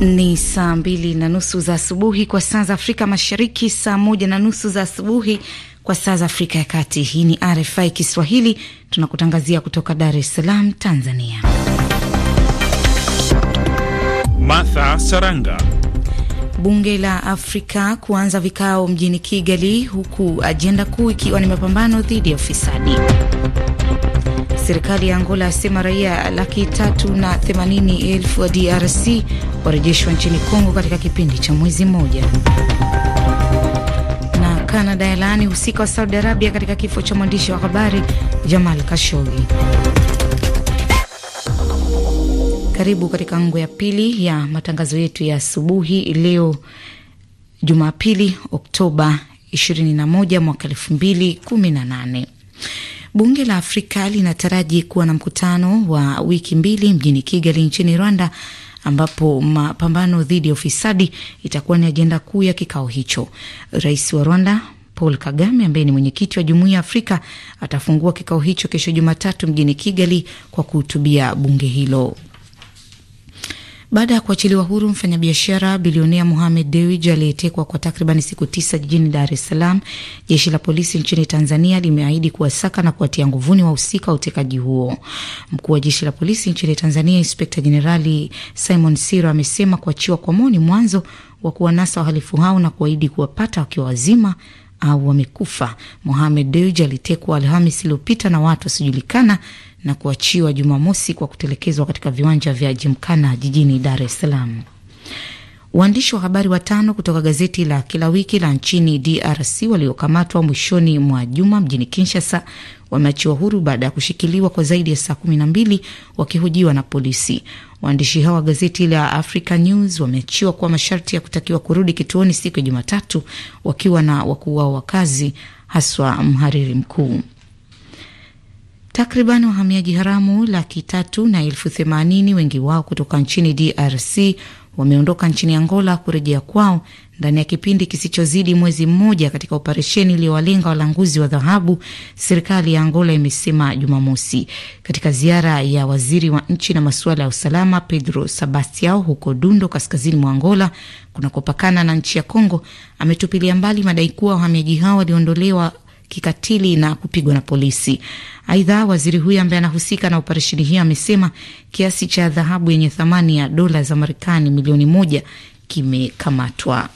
Ni saa mbili na nusu za asubuhi kwa saa za Afrika Mashariki, saa moja na nusu za asubuhi kwa saa za Afrika ya Kati. Hii ni RFI Kiswahili, tunakutangazia kutoka Dar es Salaam, Tanzania. Martha Saranga. Bunge la Afrika kuanza vikao mjini Kigali, huku ajenda kuu ikiwa ni mapambano dhidi ya ufisadi. Serikali ya Angola asema raia laki tatu na themanini elfu wa DRC warejeshwa nchini Kongo katika kipindi cha mwezi mmoja. Na Kanada yalaani husika wa Saudi Arabia katika kifo cha mwandishi wa habari Jamal Khashoggi. Karibu katika ngo ya pili ya matangazo yetu ya asubuhi leo Jumapili, Oktoba 21 mwaka 2018. Bunge la Afrika linataraji kuwa na mkutano wa wiki mbili mjini Kigali nchini Rwanda, ambapo mapambano dhidi ya ufisadi itakuwa ni ajenda kuu ya kikao hicho. Rais wa Rwanda Paul Kagame ambaye ni mwenyekiti wa Jumuiya ya Afrika atafungua kikao hicho kesho Jumatatu mjini Kigali kwa kuhutubia bunge hilo. Baada ya kuachiliwa huru mfanyabiashara bilionea Mohamed Dewji aliyetekwa kwa takribani siku tisa jijini Dar es Salaam, jeshi la polisi nchini Tanzania limeahidi kuwasaka na kuwatia nguvuni wahusika wa utekaji huo. Mkuu wa jeshi la polisi nchini Tanzania, Inspekta Jenerali Simon Siro, amesema kuachiwa kwa Mo ni mwanzo wa kuwanasa wahalifu hao na kuahidi kuwapata wakiwa wazima au wamekufa. Mohamed Dewji alitekwa Alhamis iliyopita na watu wasiojulikana na kuachiwa Jumamosi kwa kutelekezwa katika viwanja vya Jimkana jijini Dar es Salaam. Waandishi wa habari watano kutoka gazeti la kila wiki la nchini DRC waliokamatwa mwishoni mwa juma mjini Kinshasa wameachiwa huru baada ya kushikiliwa kwa zaidi ya saa kumi na mbili wakihojiwa na polisi. Waandishi hao wa gazeti la Africa News wameachiwa kwa masharti ya kutakiwa kurudi kituoni siku ya Jumatatu wakiwa na wakuu wao wa kazi, haswa mhariri mkuu. Takriban wahamiaji haramu laki tatu na elfu themanini wengi wao kutoka nchini DRC wameondoka nchini Angola kurejea kwao ndani ya kipindi kisichozidi mwezi mmoja katika operesheni iliyowalenga walanguzi wa dhahabu, serikali ya Angola imesema Jumamosi. Katika ziara ya waziri wa nchi na masuala ya usalama Pedro Sebastiao huko Dundo, kaskazini mwa Angola kunakopakana na nchi ya Kongo, ametupilia mbali madai kuwa wahamiaji hao waliondolewa kikatili na kupigwa na polisi. Aidha, waziri huyo ambaye anahusika na operesheni hiyo amesema kiasi cha dhahabu yenye thamani ya dola za Marekani milioni moja kimekamatwa.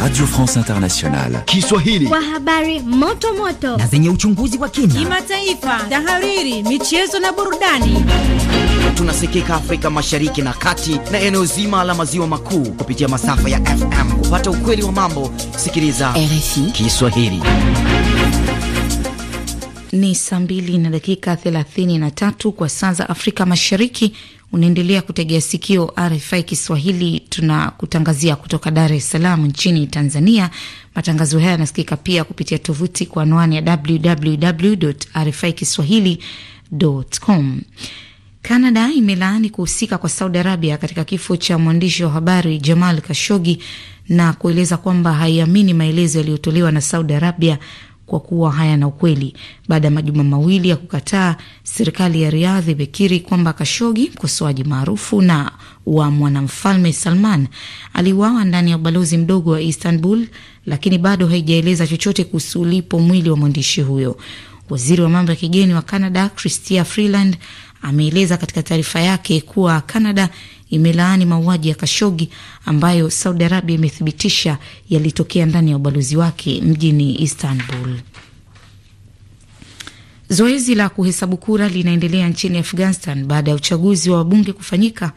Radio France Internationale Kiswahili, kwa habari moto moto na zenye uchunguzi wa kina, kimataifa, tahariri, michezo na burudani. Tunasikika Afrika Mashariki na Kati na eneo zima la maziwa makuu kupitia masafa ya FM. Kupata ukweli wa mambo, sikiliza RFI Kiswahili. Ni saa mbili na dakika 33 kwa saa za Afrika Mashariki. Unaendelea kutegea sikio RFI Kiswahili, tunakutangazia kutoka Dar es Salaam nchini Tanzania. Matangazo haya yanasikika pia kupitia tovuti kwa anwani ya www rfi kiswahili com Kanada imelaani kuhusika kwa Saudi Arabia katika kifo cha mwandishi wa habari Jamal Kashogi na kueleza kwamba haiamini maelezo yaliyotolewa na Saudi Arabia kwa kuwa hayana ukweli. Baada ya majuma mawili ya kukataa, serikali ya Riadhi imekiri kwamba Kashogi, mkosoaji maarufu na wa mwanamfalme Salman, aliuawa ndani ya ubalozi mdogo wa Istanbul, lakini bado haijaeleza chochote kuhusu ulipo mwili wa mwandishi huyo. Waziri wa mambo ya kigeni wa Canada Chrystia Freeland ameeleza katika taarifa yake kuwa Canada imelaani mauaji ya Kashogi ambayo Saudi Arabia imethibitisha yalitokea ndani ya ubalozi wake mjini Istanbul. Zoezi la kuhesabu kura linaendelea nchini Afghanistan baada ya uchaguzi wa wabunge kufanyika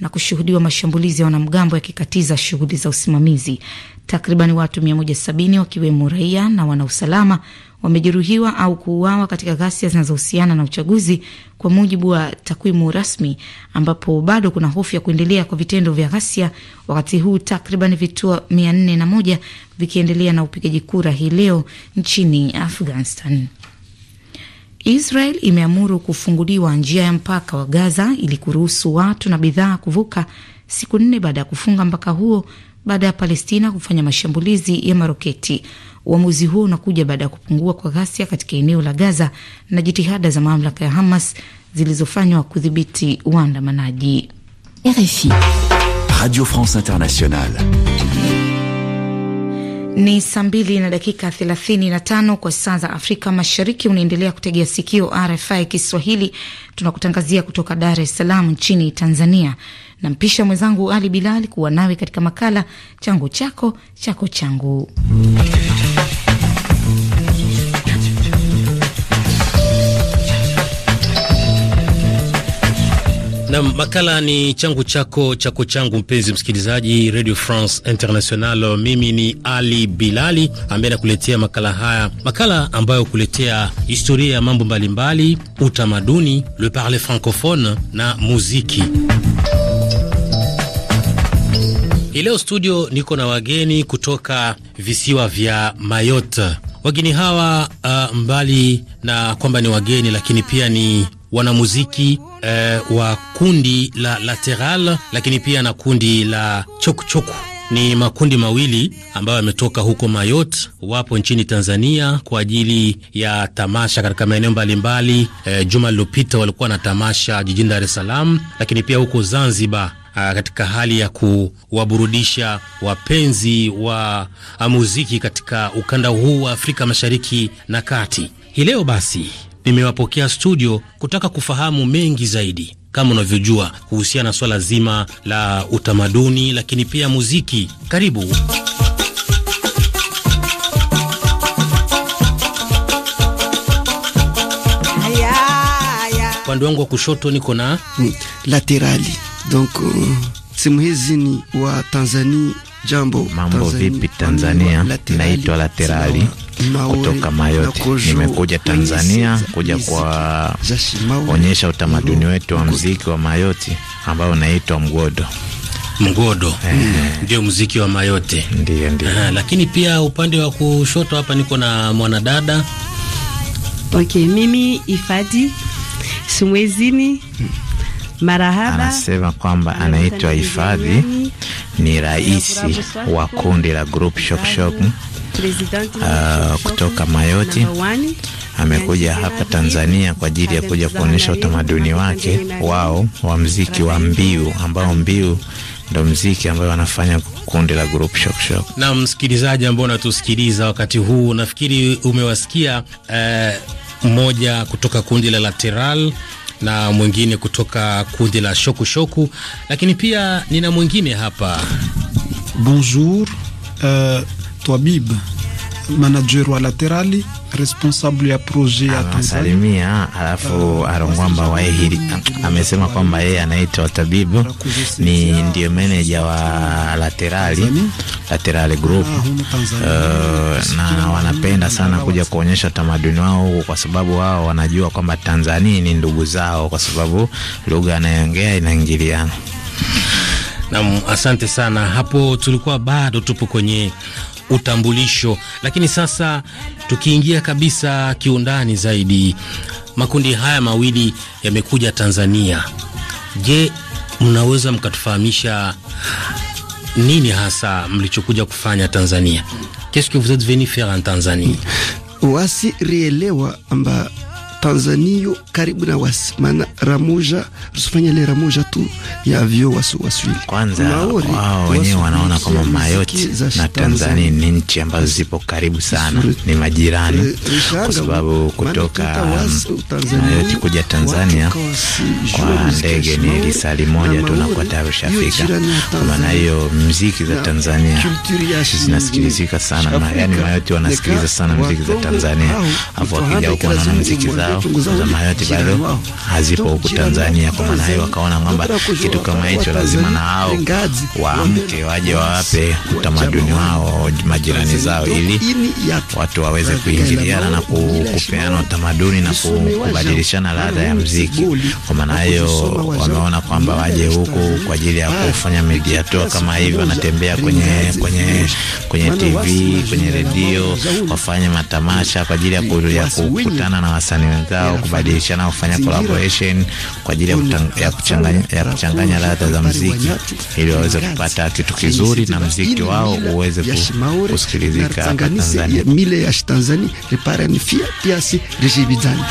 na kushuhudiwa mashambulizi ya wanamgambo yakikatiza shughuli za usimamizi. Takriban watu 170 wakiwemo raia na wanausalama wamejeruhiwa au kuuawa katika ghasia zinazohusiana na uchaguzi kwa mujibu wa takwimu rasmi, ambapo bado kuna hofu ya kuendelea kwa vitendo vya ghasia, wakati huu takriban vituo mia nne na moja vikiendelea na upigaji kura hii leo nchini Afghanistan. Israel imeamuru kufunguliwa njia ya mpaka wa Gaza ili kuruhusu watu na bidhaa kuvuka siku nne baada ya kufunga mpaka huo baada ya Palestina kufanya mashambulizi ya maroketi. Uamuzi huo unakuja baada ya kupungua kwa ghasia katika eneo la Gaza na jitihada za mamlaka ya Hamas zilizofanywa kudhibiti waandamanaji. RFI Radio France Internationale. Ni saa mbili na dakika 35 kwa saa za Afrika Mashariki. Unaendelea kutegea sikio RFI Kiswahili, tunakutangazia kutoka Dar es Salaam nchini Tanzania. Nampisha mwenzangu Ali Bilali kuwa nawe katika makala changu chako chako changu Na makala ni changu chako chako changu, mpenzi msikilizaji Radio France International. Mimi ni Ali Bilali ambaye nakuletea makala haya, makala ambayo kuletea historia ya mambo mbalimbali, utamaduni, le parler francophone na muziki. Hii leo studio niko na wageni kutoka visiwa vya Mayotte. Wageni hawa uh, mbali na kwamba ni wageni, lakini pia ni wanamuziki eh, wa kundi la Lateral lakini pia na kundi la Chokuchoku. Ni makundi mawili ambayo yametoka huko Mayot, wapo nchini Tanzania kwa ajili ya tamasha katika maeneo mbalimbali. Eh, juma lililopita walikuwa na tamasha jijini Dar es Salaam, lakini pia huko Zanzibar ah, katika hali ya kuwaburudisha wapenzi wa ah, muziki katika ukanda huu wa Afrika Mashariki na Kati. Hii leo basi nimewapokea studio kutaka kufahamu mengi zaidi kama unavyojua kuhusiana na swala zima la utamaduni, lakini pia muziki. Karibu. Upande wangu wa kushoto niko na laterali donc euh, simu hizi ni wa Tanzania. Jambo, mambo vipi Tanzania? Naitwa Laterali kutoka Mayoti. Nimekuja Tanzania kuja kuwaonyesha utamaduni wetu wa mziki wa Mayoti ambao unaitwa mgodo. Mgodo ndio mm, muziki wa Mayote. ndiye, ndiye. Aha, lakini pia upande wa kushoto hapa niko na mwanadada. Okay, mimi Ifadi Sumwezini Marahaba. Anasema kwamba anaitwa Ifadi ni rais wa kundi la Group Shokshok uh, kutoka Mayoti amekuja hapa Tanzania kwa ajili ya kuja kuonyesha utamaduni wake wao wa mziki wa mbiu, ambao mbiu ndo mziki ambayo wanafanya kundi la group Shock Shock. Na msikilizaji ambao unatusikiliza wakati huu, nafikiri umewasikia eh, mmoja kutoka kundi la Lateral na mwingine kutoka kundi la Shoku Shoku, lakini pia nina mwingine hapa. Bonjour, uh, Twabib, manager wa Laterali, responsable ya proje ya Tanzania. Alafu Arongwamba Waehiri ah, amesema kwamba yeye anaitwa Tabibu ni ndio meneja wa Laterali, Laterali Group uh, na wanapenda sana kuja kuonyesha utamaduni wao huko, kwa sababu wao wanajua kwamba Tanzania ni ndugu zao, kwa sababu lugha anayoongea inaingiliana. Naam, asante sana. Hapo tulikuwa bado tupo kwenye utambulisho. Lakini sasa tukiingia kabisa kiundani zaidi, makundi haya mawili yamekuja Tanzania. Je, mnaweza mkatufahamisha nini hasa mlichokuja kufanya Tanzania? Qu'est-ce que vous êtes venu faire en Tanzanie? Wasi rielewa amba Tanzania karibu na wasi, maana Ramoja usifanye ile Ramoja tu ya vyo wasu waswili kwanza, Maori, wao wenyewe wanaona kama Mayoti na Tanzania ni nchi ambazo zipo karibu sana, ni majirani eh, kwa sababu kutoka Mayoti kuja Tanzania kwa ndege ni lisali moja tu na tayari ushafika. Kwa maana hiyo mziki za Tanzania zinasikilizika sana, na yani Mayoti wanasikiliza sana mziki za Tanzania, hapo wakija huko wanaona mziki zao zama yote bado hazipo huku Tanzania. Kwa maana hiyo wakaona kwamba kitu kama hicho lazima na hao waamke, waje wawape utamaduni wao majirani zao, ili watu waweze kuingiliana na kupeana utamaduni na kubadilishana ladha ya mziki. Kwa maana hiyo wameona kwamba waje huku kwa ajili ya ah, kufanya mediator kama hivyo, wanatembea kwenye kwenye kwenye TV, kwenye redio, wafanye matamasha kwa ajili ya kukutana na wasanii ladha au kubadilisha nao kufanya collaboration kwa ajili ya, kuchanganya, ya kuchanganya ladha za mziki ili waweze kupata kitu kizuri na mziki wao uweze kusikilizika hapa Tanzania. Mile ya Tanzania repara ni fia piasi rejibidani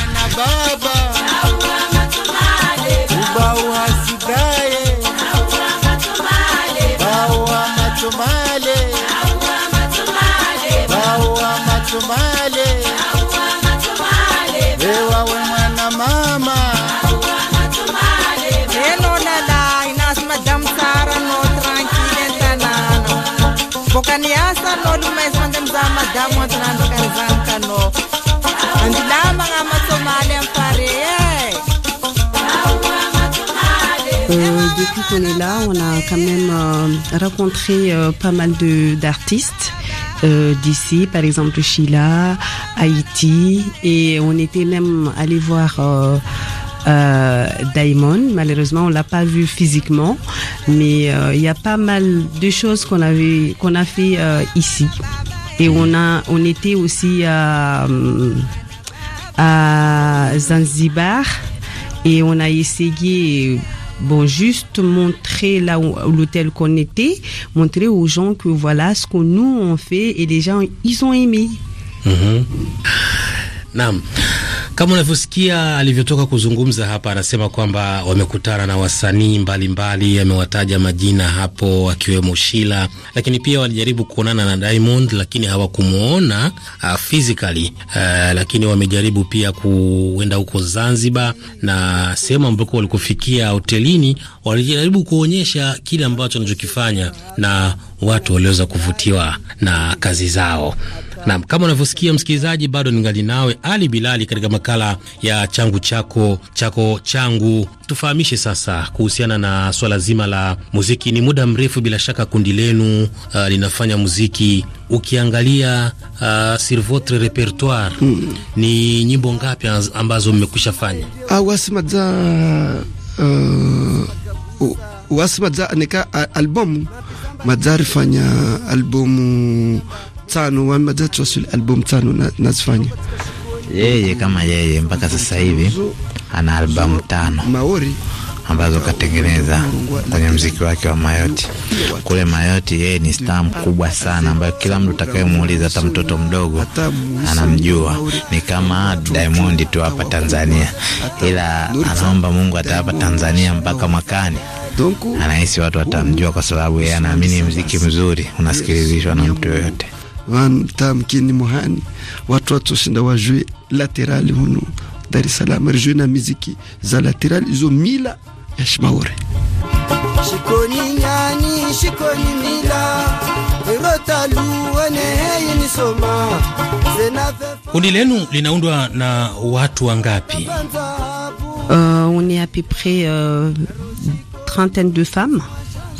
depuis qu'on est là, on a quand même euh, rencontré euh, pas mal d'artistes euh, d'ici, par exemple Sheila, Haïti, et on était même allé voir. Daimon. Malheureusement, on l'a pas vu physiquement, mais il y a pas mal de choses qu'on avait qu'on a fait ici. Et on a on était aussi à, à Zanzibar et on a essayé Bon, juste montrer là où l'hôtel qu'on était, montrer aux gens que voilà ce que nous on fait et les gens ils ont aimé. Mhm. Kama unavyosikia alivyotoka kuzungumza hapa, anasema kwamba wamekutana na wasanii mbalimbali, amewataja majina hapo akiwemo Shila, lakini pia walijaribu kuonana na Diamond, lakini hawakumwona uh, physically uh, lakini wamejaribu pia kuenda huko Zanzibar na sehemu ambako walikufikia hotelini, walijaribu kuonyesha kile ambacho wanachokifanya na watu waliweza kuvutiwa na kazi zao. Naam, kama unavyosikia msikilizaji, bado ningali nawe Ali Bilali katika makala ya changu chako chako changu. Tufahamishe sasa kuhusiana na swala zima la muziki. Ni muda mrefu bila shaka kundi lenu uh, linafanya muziki. Ukiangalia uh, sur votre repertoire hmm, ni nyimbo ngapi ambazo mmekwisha fanya? awasimaza ah, uh, wasimaza nika albomu madzari fanya albomu tano wamematatu sio album tano na, nazifanya yeye kama yeye mpaka sasa hivi ana albamu tano Maori ambazo katengeneza kwenye mziki wake wa Mayoti. Kule Mayoti yeye ni staa mkubwa sana, ambayo kila mtu atakayemuuliza, hata mtoto mdogo anamjua. Ni kama Diamond tu hapa Tanzania, ila anaomba Mungu hata hapa Tanzania mpaka mwakani anahisi watu watamjua, kwa sababu yeye anaamini mziki mzuri unasikilizishwa na mtu yoyote vanta mkini muhani watu watoshinda wajue laterali huno Dar es Salaam rejue na miziki za laterali izo mila ya shimaore shikoni nyani shikoni mila Kundi lenu linaundwa na watu wangapi? Uh, on est à peu près euh, trentaine de femmes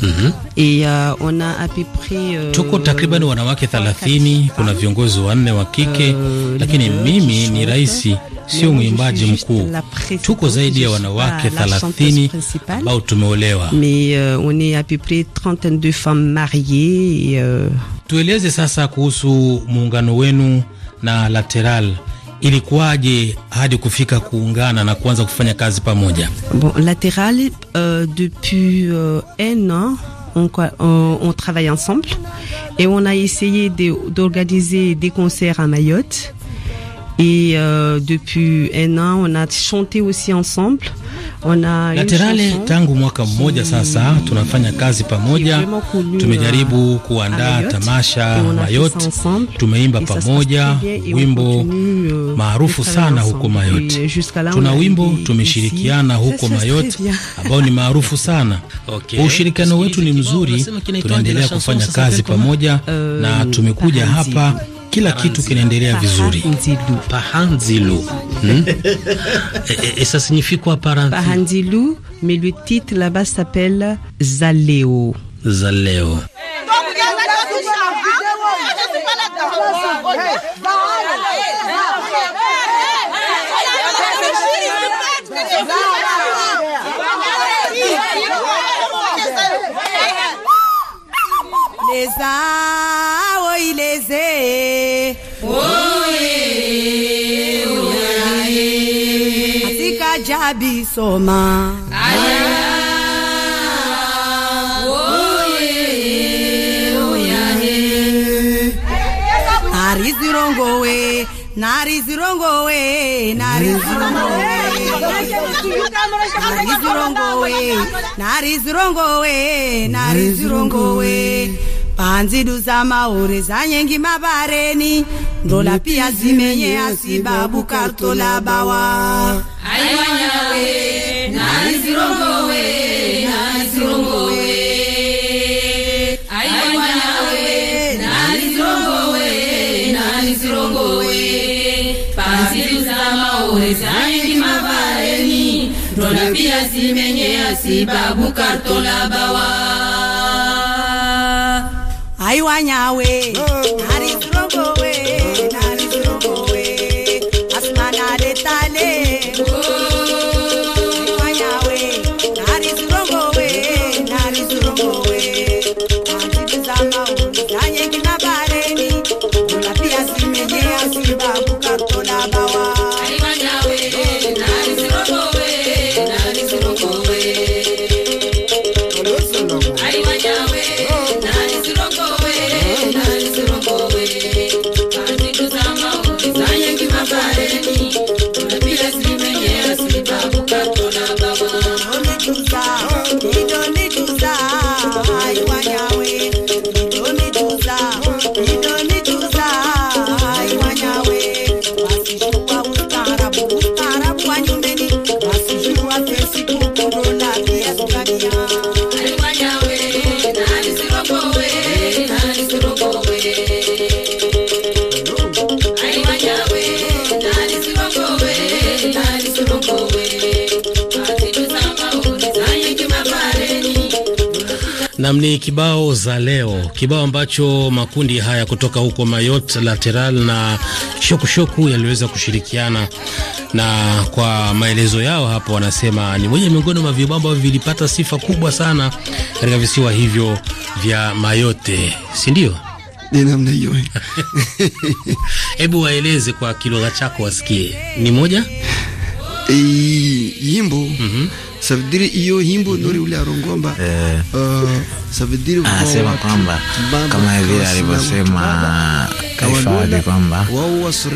mm uh, a peu près uh, tuko takriban wanawake 30, kuna viongozi wanne wa kike uh, lakini mimi ni rais sio mwimbaji mkuu. Tuko zaidi ya wanawake 30 ambao tumeolewa. Euh, euh, Tueleze sasa kuhusu muungano wenu na Lateral Ilikuwaje hadi kufika kuungana na kuanza kufanya kazi pamoja? Bon, Latéral euh, depuis euh, un an euh, on, travaille ensemble et on a essayé d'organiser des concerts à Mayotte Et euh, depuis un an on a chanté aussi ensemble. Ona Laterale tangu mwaka mmoja sasa mm. tunafanya kazi pamoja. Tumejaribu euh, kuandaa tamasha mayot tumeimba pamoja wimbo euh, maarufu sana huko mayot euh, Tuna wimbo tumeshirikiana huko Mayotte ambao ni maarufu sana. Ushirikiano wetu ni mzuri, tunaendelea kufanya kazi pamoja na tumekuja hapa kila kitu kinaendelea vizuri. Pahanzilu, et, ça signifie quoi pahanzilu? Pahanzilu, mais le titre là-bas s'appelle Zaleo. Zaleo. aileze oye oye atika jabi soma aya oye oye arizirongowe narizirongowe narizirongowe narizirongowe narizirongowe narizirongowe panzidu za maure za nyengi mabareni ndola pia zimenye asibabu kartola bawa aiwanyawe na isirongowe na isirongowe aiwanyawe pia zimenye asibabu kartola bawa aiwanyawe harisurongowe narisurongowe asimanadetale aiwanyawe narisurongowe narisurongowe matibizama undanyekinabare Nam ni kibao za leo, kibao ambacho makundi haya kutoka huko Mayot Lateral na Shokushoku yaliweza kushirikiana, na kwa maelezo yao hapo wanasema ni moja miongoni mwa vibao ambavyo vilipata sifa kubwa sana katika visiwa hivyo vya Mayote, si ndio? Ni namna hiyo. Hebu waeleze kwa kilugha chako wasikie, ni moja yimbo mm -hmm savidiri hiyo himbo nori ule arongomba eh, uh, savidiri anasema ah, kwamba kama vile alivyosema kahifadhi kwamba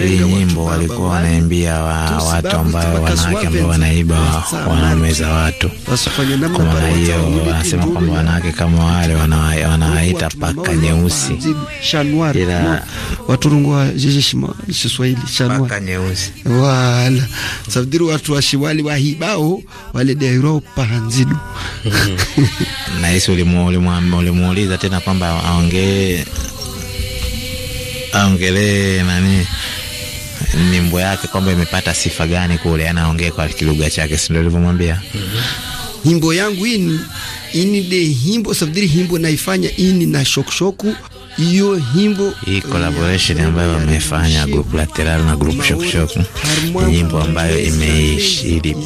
hii nyimbo walikuwa wanaimbia wa watu ambayo wanawake ambao wanaiba wanaume watu. Kwa maana hiyo wanasema kwamba wanawake kama wale wanawaita paka nyeusi, ila waturungwa Kiswahili paka nyeusi wala safdiri watu washiwali wahibao wale Europa pahanzidu na hisi ulimuuliza tena kwamba aongee aongelee nani nimbo yake kwamba imepata sifa gani kule, anaongea kwa kilugha chake, si ndio alivyomwambia? mm -hmm. Nyimbo yangu hii ini de himbo sabdiri himbo naifanya ini na shokshoku hiyo himbo hii collaboration ambayo wamefanya group lateral na group shock ni nyimbo ambayo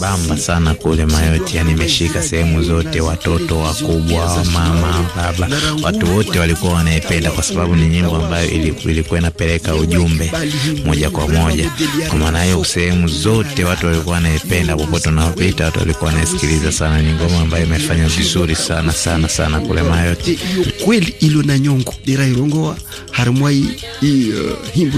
bamba sana kule Mayoti, yani imeshika sehemu zote, watoto wakubwa, mama, baba, watu wote walikuwa wanaipenda, kwa sababu ni nyimbo ambayo ilikuwa inapeleka ujumbe moja kwa moja. Kwa maana hiyo, sehemu zote watu walikuwa wanaipenda, popote unapita watu walikuwa wanaisikiliza sana. Ni ngoma ambayo imefanya vizuri sana sana sana kule Mayoti, kweli ilo na nyongo dira irongoa harumwai uh, hii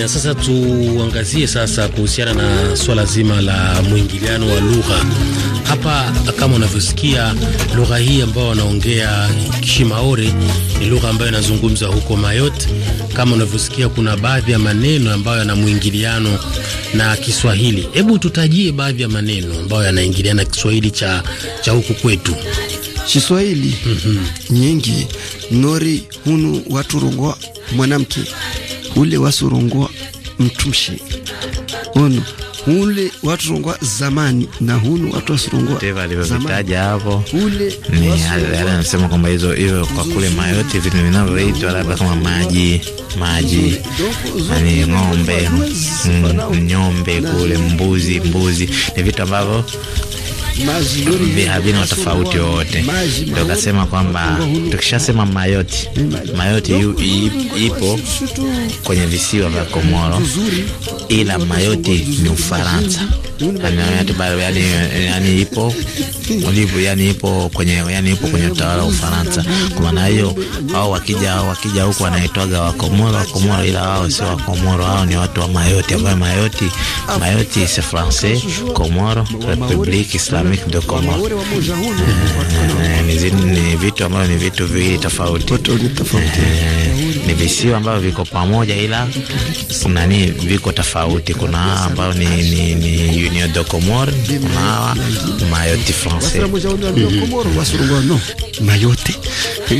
Na sasa tuangazie sasa kuhusiana na swala zima la mwingiliano wa lugha hapa. Kama unavyosikia, lugha hii ambayo wanaongea Kishimaore ni lugha ambayo inazungumzwa huko Mayotte kama unavyosikia, kuna baadhi ya maneno ambayo yana mwingiliano na Kiswahili. Hebu tutajie baadhi ya maneno ambayo yanaingiliana na Kiswahili cha cha huku kwetu. Kiswahili mm -hmm. nyingi nori hunu waturongwa mwanamke ule wasurongwa mtumshi ono ule rongwa zamani na hunu watu wasurongwa alivyovitaja hapo, anasema kwamba hizo hivyo kwa kule mayote vitu vinavyoitwa labda kama maji maji ani ng'ombe, mm, nyombe kule, mbuzi mbuzi, ni vitu ambavyo havina tofauti wowote. Ndio kasema kwamba tukishasema Mayoti, Mayoti yu, ipo kwenye visiwa vya Komoro, ila Mayoti ni Ufaransa yani, yani ipo ulivyo, yani ipo kwenye yani ipo kwenye utawala wa Ufaransa. Kwa maana hiyo, hao wakija hao wakija huko wanaitwaga Wakomoro Wakomoro, ila wao sio Wakomoro, hao ni watu wa Mayoti, ambao Mayoti Mayoti c'est français Komoro, Republique Islamique de Comore. Eh, eh, ni vitu ambavyo ni vitu viwili tofauti, eh, ni visiwa ambavyo viko pamoja, ila nani viko tofauti. Kuna ambao ni, ni l'Union de Comores, Mawa, Mayotte français. Mayotte.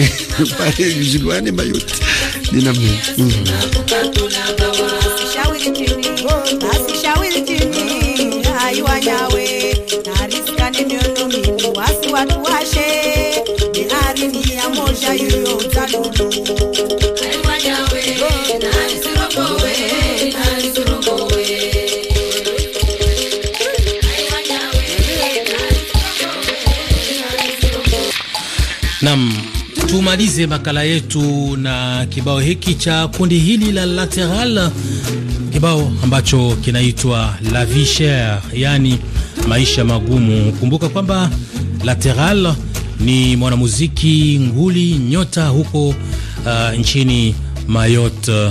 E Mayotte. Mm. Watu washe ni tumalize makala yetu na kibao hiki cha kundi hili la Lateral, kibao ambacho kinaitwa La Vie Chere, yani maisha magumu. Kumbuka kwamba Lateral ni mwanamuziki nguli nyota huko uh, nchini Mayotte.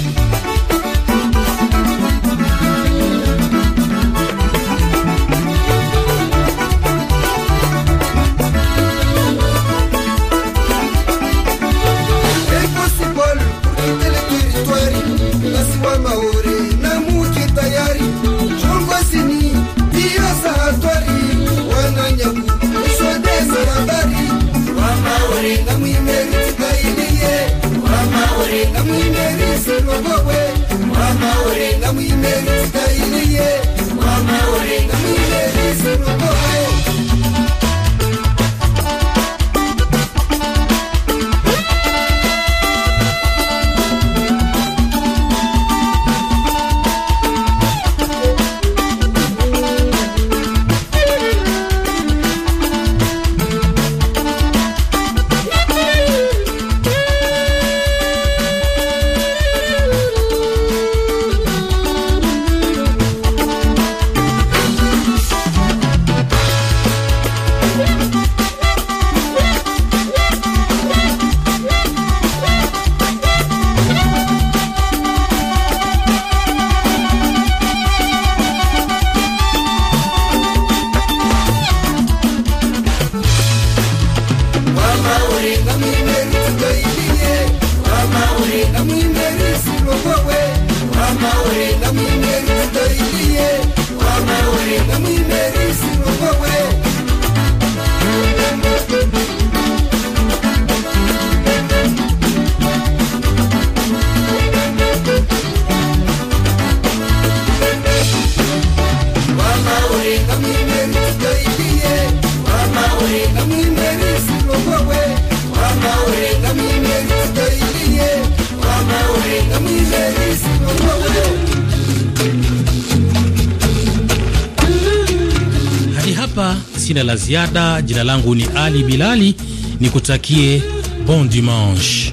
sina la ziada. Jina langu ni Ali Bilali, nikutakie bon dimanche.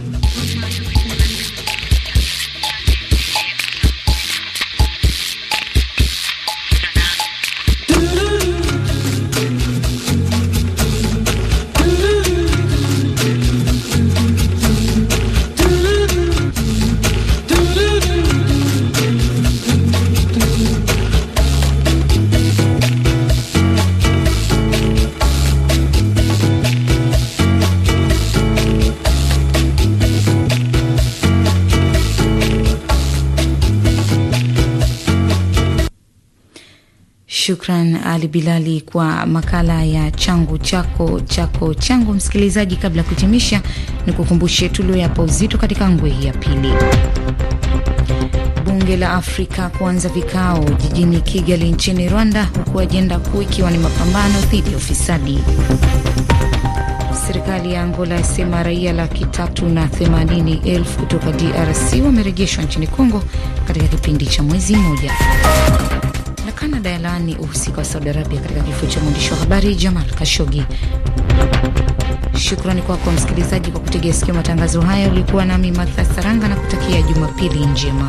Ali Bilali kwa makala ya changu chako chako changu. Msikilizaji, kabla ya kuhitimisha, ni kukumbushe tulioyapa uzito katika ngwe ya pili. Bunge la Afrika kuanza vikao jijini Kigali nchini Rwanda, huku ajenda kuu ikiwa ni mapambano dhidi ya ufisadi. Serikali ya Angola yasema raia laki tatu na themanini elfu kutoka DRC wamerejeshwa nchini Kongo katika kipindi cha mwezi mmoja. Kanada yalaani uhusika wa Saudi Arabia katika kifo cha mwandishi wa habari Jamal Kashogi. Shukrani kwako kwa msikilizaji kwa kutegea sikio matangazo haya. Ulikuwa nami Martha Saranga na kutakia Jumapili njema.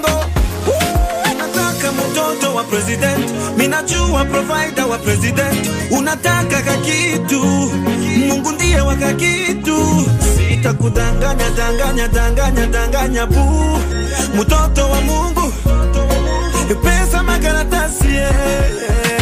president, minajua provider wa president. Unataka kakitu, Mungu ndiye wa kakitu. Sitakudanganya danganya danganya danganya bu, mtoto wa Mungu, pesa makaratasi yeah.